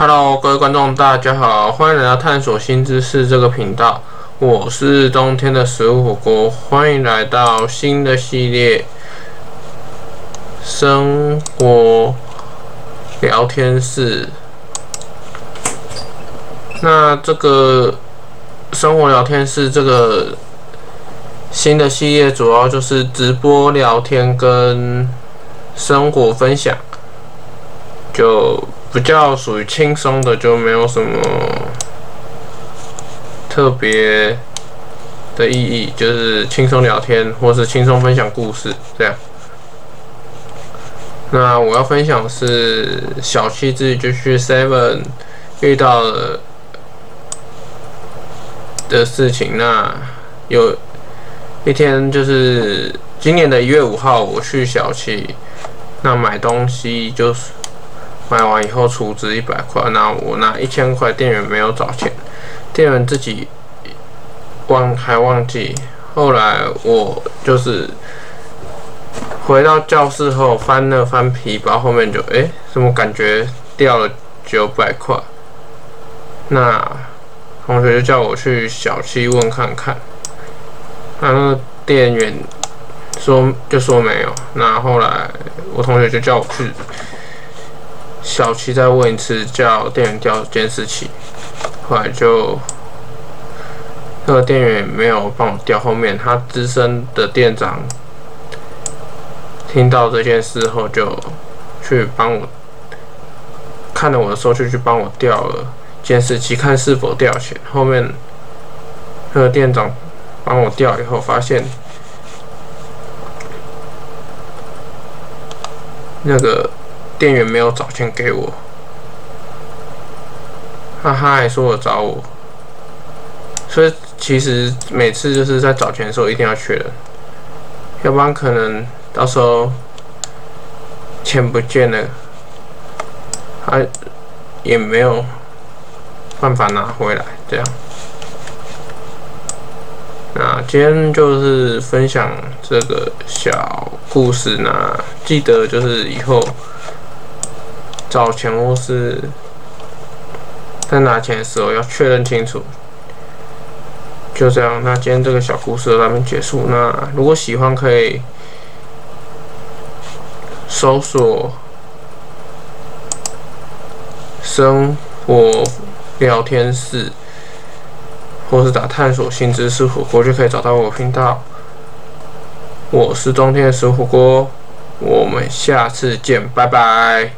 Hello，各位觀眾，大家好，歡迎來到探索新知識這個頻道。我是冬天的食物火鍋，歡迎來到新的系列生活聊天室。那這個生活聊天室這個新的系列，主要就是直播聊天跟生活分享，就。比較屬於輕鬆的，就沒有什麼特別的意義，就是輕鬆聊天或是輕鬆分享故事這樣。那我要分享的是小七自己就去 Seven 遇到了的事情。那有一天就是今年的一月五號，我去小七那買東西就是。買完以後，儲值一百塊，那我拿一千塊，店員沒有找錢，店員自己忘還忘記。後來我就是回到教室後翻了翻皮包，後面就哎，怎、欸、麼感覺掉了九百塊？那同學就叫我去小七問看看，那，那個店員說就說沒有。那後來我同學就叫我去。小七再問一次，叫店員調監視器。後來就那個店員也沒有幫我調，後面他資深的店長聽到這件事後，就去幫我看了我的收據，就去幫我調了監視器，看是否掉錢。後面那個店長幫我調以後，發現那個。店員沒有找錢給我，他還說我找我，所以其實每次就是在找錢的時候一定要確認，要不然可能到時候錢不見了，他也沒有辦法拿回來。這樣，那今天就是分享這個小故事呢，那記得就是以後。找錢或是，在拿錢的時候要確認清楚。就這樣，那今天這個小故事就到這邊結束。那如果喜歡，可以搜索“生活聊天室”或是打“探索新知識火鍋”，就可以找到我頻道。我是冬天的食火鍋，我們下次見，拜拜。